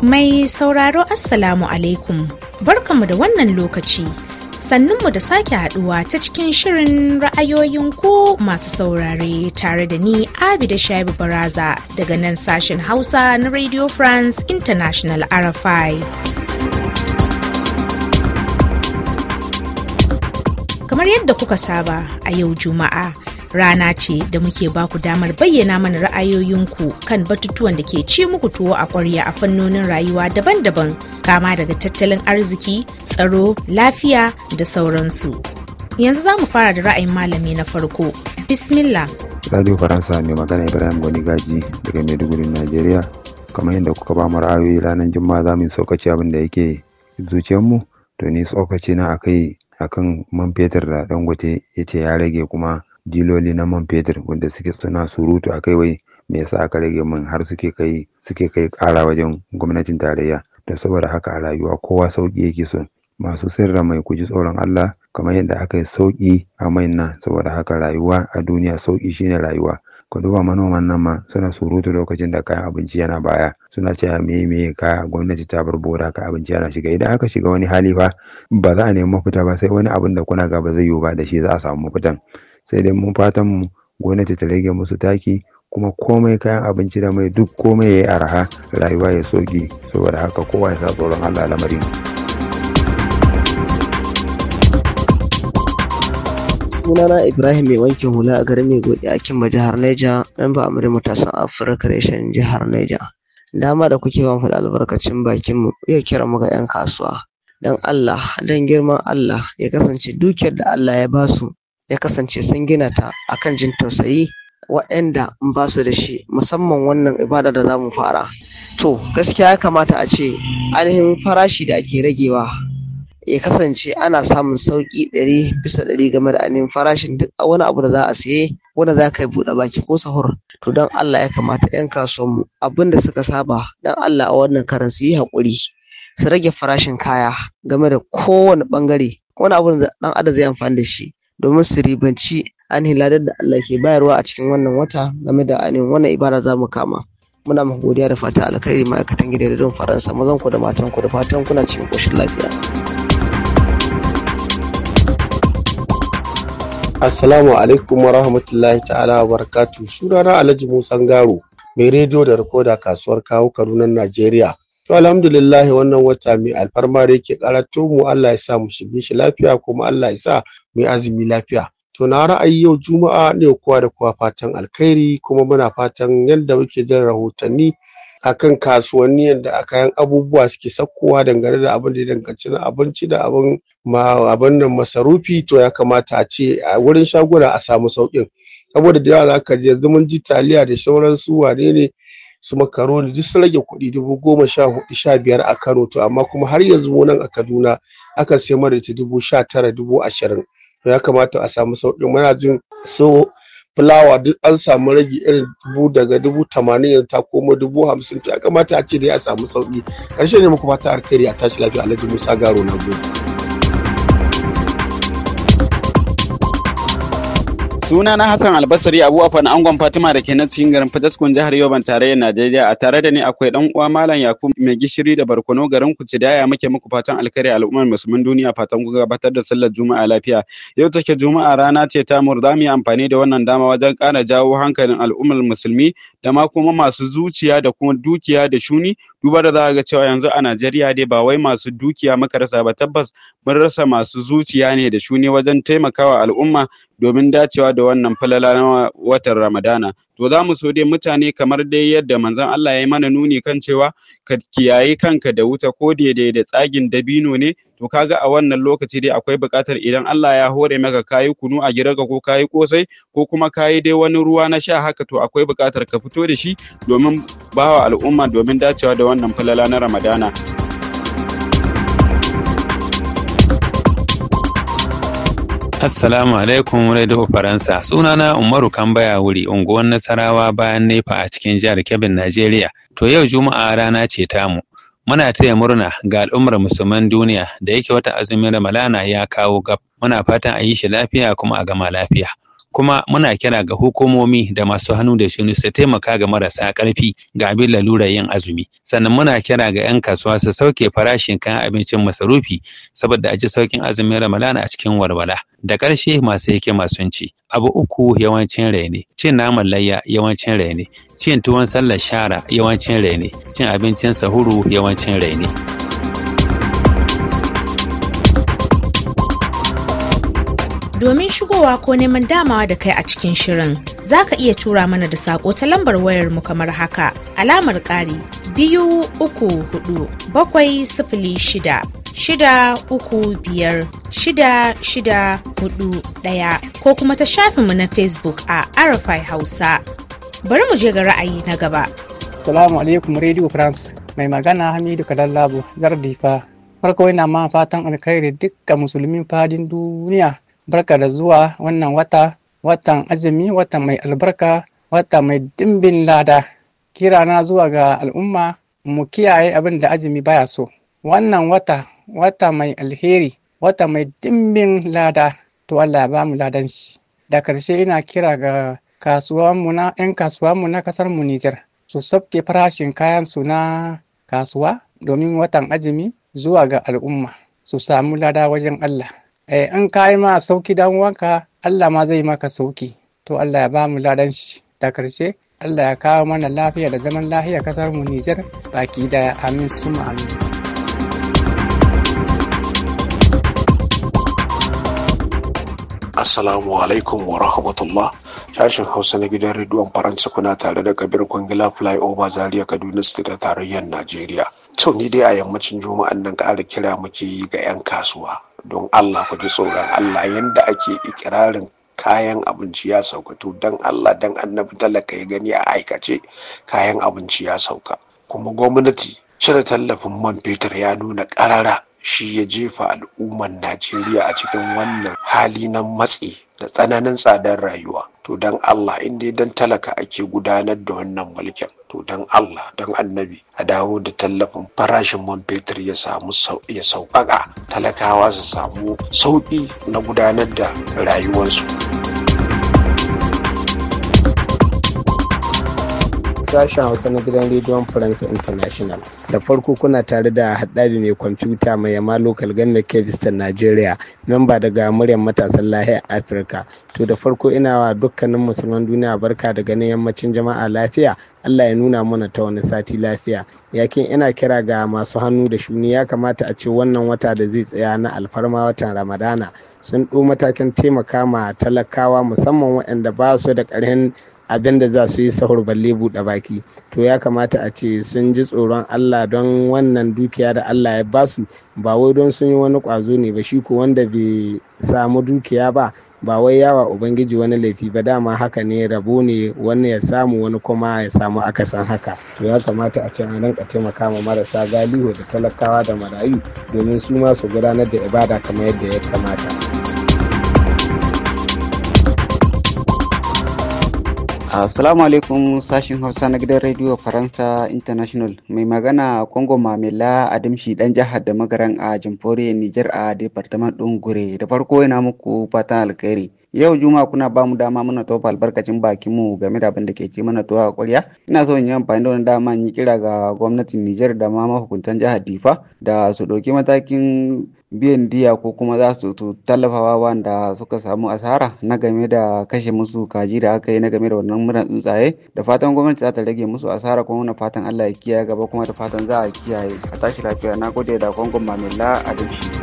Mai sauraro Assalamu alaikum, barkamu da wannan lokaci. Sannunmu da sake haɗuwa ta cikin shirin ra'ayoyin ku masu saurare tare da ni Abida Shaibu Baraza daga nan sashen Hausa na Radio France International RFI. Kamar yadda kuka saba a yau Juma'a. rana ce da muke baku damar bayyana mana ra'ayoyinku kan batutuwan da ke ci muku tuwo a kwarya a fannonin rayuwa daban-daban kama daga tattalin arziki tsaro lafiya da sauransu yanzu za mu fara da ra'ayin malami na farko bismillah radio faransa mai magana ibrahim gani gaji daga maiduguri najeriya kamar yadda kuka ba mu ra'ayoyi ranar juma'a za mu yi saukaci abin da yake zuciyarmu to ni tsokaci na akai akan man fetur da dangote ya ce ya rage kuma diloli na man fetur wanda suke suna surutu a kai wai me yasa aka rage min har suke kai suke kai kara wajen gwamnatin tarayya da saboda haka a rayuwa kowa sauƙi yake so masu sirra mai kuji tsoron Allah kamar yadda aka yi sauƙi a mai nan saboda haka rayuwa a duniya sauƙi shine rayuwa ku duba manoman nan ma suna surutu lokacin da kayan abinci yana baya suna cewa me me ka gwamnati ta bar bora ka abinci yana shiga idan aka shiga wani hali fa ba za a nemi mafita ba sai wani abin da kuna ga ba zai yiwu ba da shi za a samu mafitan sai dai mun fatan mu gwamnati ta rage musu taki kuma komai kayan abinci da mai duk komai ya yi araha rayuwa ya soki saboda haka kowa ya sa tsoron Allah lamarin. sunana ibrahim mai wankin hula a garin mai godi a ma jihar neja memba amurin matasan afirka reshen jihar neja dama da kuke ban mu albarkacin bakin mu iya kira mu ga 'yan kasuwa don allah don girman allah ya kasance dukiyar da allah ya basu ya kasance sun gina ta akan jin tausayi waanda in ba su da shi musamman wannan ibada da za mu fara to gaskiya ya kamata a ce ainihin farashi da ake ragewa ya kasance ana samun sauki ɗari bisa ɗari game da ainihin farashin duk wani abu da za a siye wanda za ka yi buɗe baki ko sahur to don Allah ya kamata 'yan kasuwanmu abin da suka saba don Allah a wannan karan su yi haƙuri su rage farashin kaya game da kowane ɓangare wani abu da ɗan adam zai amfani da shi domin su ribanci an ladar da Allah ke bayarwa a cikin wannan wata game da ainihin wannan ibada za mu kama. muna muku godiya da fata alkhairi ma'aikatan gidan faransa mazan ku da matan ku da fatan kuna cikin koshin lafiya Assalamu alaikum wa rahmatullahi ta'ala wa barakatu. Sunana Alhaji Musa Garo, mai rediyo da rikoda kasuwar kawo Kaduna Najeriya. To alhamdulillah wannan wata mai alfarma da yake karato mu Allah ya sa mu shige shi lafiya kuma Allah ya sa mu azumi lafiya. To na ra'ayi yau Juma'a ne kowa da kowa fatan alkhairi kuma muna fatan yadda muke jin rahotanni akan kasuwannin da kayan abubuwa suke sakkowa dangane da abin da ya danganci na abinci da abin abin nan masarufi to ya kamata a ce a wurin shaguna a samu sauƙin saboda da yawa za ka je yanzu ji taliya da sauransu wane ne su makaroni duk sun rage kuɗi dubu goma sha hudu sha biyar a kano to amma kuma har yanzu mu nan a kaduna akan sai mara ta dubu sha tara dubu ashirin ya kamata a samu sauƙin muna jin so fulawa duk an samu ragi irin dubu daga dubu tamanin yanzu ta koma dubu hamsin to ya kamata a ce dai a samu sauki karshe ne muku fata alkhairi a tashi lafiya alhaji musa garo na gobe. Suna na Hassan Albasari Abu Afan Angon Fatima da ke na cikin garin Fataskun jihar Yoban tarayyar Najeriya a tare da ni akwai dan uwa Malam Yakub mai gishiri da barkono garin ku ci daya muke muku fatan alkhairi al'ummar musulmin duniya fatan ku gabatar da sallar Juma'a lafiya. Yau take Juma'a rana ce ta murzami amfani da wannan dama wajen kara jawo hankalin al'ummar musulmi da ma kuma masu zuciya da kuma dukiya da shuni duba da za ga cewa yanzu a Najeriya dai ba wai masu dukiya muka rasa ba tabbas mun rasa masu zuciya ne da shuni wajen taimakawa al'umma domin dacewa da wannan falala na watan Ramadana. To za mu so dai mutane kamar dai yadda manzon Allah ya yi mana nuni kan cewa ka kiyayi kanka da wuta ko daidai da tsagin dabino ne to kaga a wannan lokaci dai akwai buƙatar idan Allah ya hore maka kayi kunu a gidanka ko kayi kosai ko kuma kayi dai wani ruwa na sha haka to akwai buƙatar ka fito da shi domin bawa al'umma domin dacewa da wannan falala na Ramadana. Assalamu alaikum Radio Faransa. Sunana Umaru Kambaya wuri unguwar Nasarawa bayan Nefa a cikin jihar Kebbi, Najeriya. To yau Juma'a rana ce tamu. Muna taya murna ga al'ummar musulman duniya da yake wata azumin Ramalana ya kawo gab. Muna fatan a yi shi lafiya kuma a gama lafiya. kuma muna kira ga hukumomi da masu hannu da shuni su taimaka ga marasa karfi ga abin lalura yin azumi sannan muna kira ga 'yan kasuwa su sauke farashin kayan abincin masarufi saboda a ji saukin azumin ramadana a cikin walwala da ƙarshe masu hikima sun ce abu uku yawancin raine cin naman layya yawancin raine cin tuwon sallar shara yawancin raine cin abincin sahuru yawancin raine. Domin shigowa ko neman damawa da kai a cikin shirin, za ka iya tura mana da saƙo ta lambar wayar mu kamar haka alamar ƙari biyu uku hudu bakwai sifili shida shida uku biyar shida shida hudu ɗaya ko kuma ta mu na Facebook a Arafai Hausa. Bari mu je ga ra'ayi na gaba. Salamu alaikum Radio France mai magana Hamidu Kadallabo Zardifa. Farko yana ma fatan alkhairi dukkan musulmin fadin duniya barka da zuwa wannan wata watan azumi wata mai albarka wata mai dimbin lada kira na zuwa ga al'umma mu kiyaye abin da azumi baya so wannan wata wata mai alheri wata mai dimbin lada to Allah ya bamu ladan shi da karshe ina kira ga mu na 'yan mu na kasar mu Nijar su sabke farashin kayan su na kasuwa domin watan azumi zuwa ga al'umma su samu lada wajen Allah eh in ka yi ma sauki dan wanka Allah ma zai maka sauki to Allah ya ba mu ladan shi da karshe Allah ya kawo mana lafiya da zaman lafiya kasar mu Nijar baki daya amin suma amin Assalamu alaikum wa rahmatullah sashen Hausa na gidan rediyon Faransa kuna tare da Kabir Kwangila Flyover Zaria Kaduna State da tarayyar Najeriya. To ni dai a yammacin juma'an nan ƙara kira muke yi ga 'yan kasuwa don allah ku ji tsoron allah yadda ake ikirarin kayan abinci ya sauka to don allah don annabi talaka ya gani a aikace kayan abinci ya sauka kuma gwamnati cire tallafin man fetur ya nuna karara shi ya jefa al'ummar najeriya a cikin wannan hali na matsi da tsananin tsadar rayuwa to don Allah in dai dan talaka ake gudanar da wannan mulkin to don Allah don annabi a dawo da tallafin farashin man fetur ya samu ya sauƙaƙa talakawa su samu sauƙi na gudanar da rayuwarsu. sashen hausa na gidan rediyon faransa international da farko kuna tare da haɗari mai kwamfuta mai yama local ganin kevistan nigeria memba daga muryar matasan lahiyar afirka to da farko ina wa dukkanin musulman duniya barka da ganin yammacin jama'a lafiya allah ya nuna mana ta wani sati lafiya yakin ina kira ga masu hannu da shuni ya kamata a ce wannan wata da zai tsaya na alfarma watan ramadana sun ɗo matakin taimaka ma talakawa musamman waɗanda ba su da ƙarhin abin da za su yi sahur balle buɗe baki to ya kamata a ce sun ji tsoron allah don wannan dukiya da allah ya basu ba wai don sun yi wani ƙwazo ne ba shi ko wanda bai samu dukiya ba ba wai yawa ubangiji wani laifi ba dama haka ne rabo ne wani ya samu wani kuma ya samu akasin haka to ya kamata a can a rinka taimaka ma marasa galihu da talakawa da marayu domin su ma su gudanar da ibada kamar yadda ya kamata. Assalamu alaikum sashin Hausa na gidan Radio Faransa International mai magana Kongo Mamela Adamshi dan jihar da magaran a jamhuriyar Nijar a Departement ɗin Gure da farko yana muku fatan alkhairi. Yau Juma kuna bamu dama muna tofa albarkacin bakin mu game da abin da ke ci mana tuwa a ƙwarya. Ina so in yi amfani da wani dama in yi kira ga gwamnatin Nijar da ma mahukuntan jihar Difa da su ɗauki matakin biyan diya ko kuma za su tallafawa wanda suka samu asara na game da kashe musu kaji da aka yi na game da wannan murnar tsuntsaye da fatan gwamnati za ta rage musu asara kuma na fatan Allah ya kiyaye gaba kuma da fatan za a kiyaye a tashi lafiya na gode da kongon mamila a duk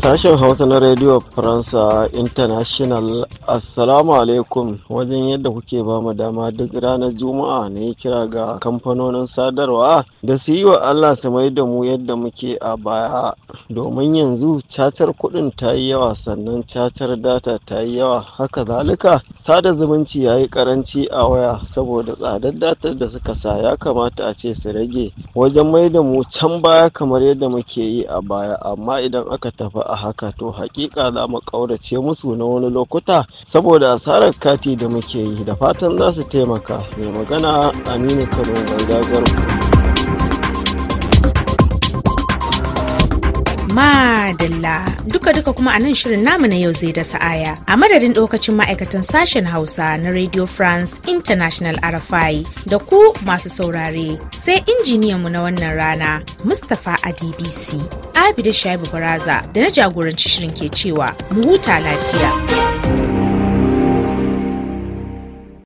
Sashen Hausa na Radio Faransa International Assalamu alaikum wajen yadda kuke ba mu dama duk ranar Juma'a na kira ga kamfanonin sadarwa da su yi wa Allah su mai da mu yadda muke a baya domin yanzu cacar kuɗin ta yi yawa sannan cacar data ta yi yawa haka zalika sada zumunci ya yi karanci a waya saboda tsadar data da suka sa ya kamata a ce su rage wajen mai da mu can baya kamar yadda muke yi a baya amma idan aka tafi a haka to hakika za mu ƙaurace musu na wani lokuta saboda asarar kati da muke yi da fatan za su taimaka mai magana aminu kano mai ku. madalla duka duka kuma a nan shirin namu na yau zai da sa'aya a madadin ɗaukacin ma'aikatan sashen hausa na radio france international rfi da ku masu saurare sai mu na wannan rana mustapha adbc abida shaibu baraza da na jagoranci shirin ke cewa mu huta lafiya.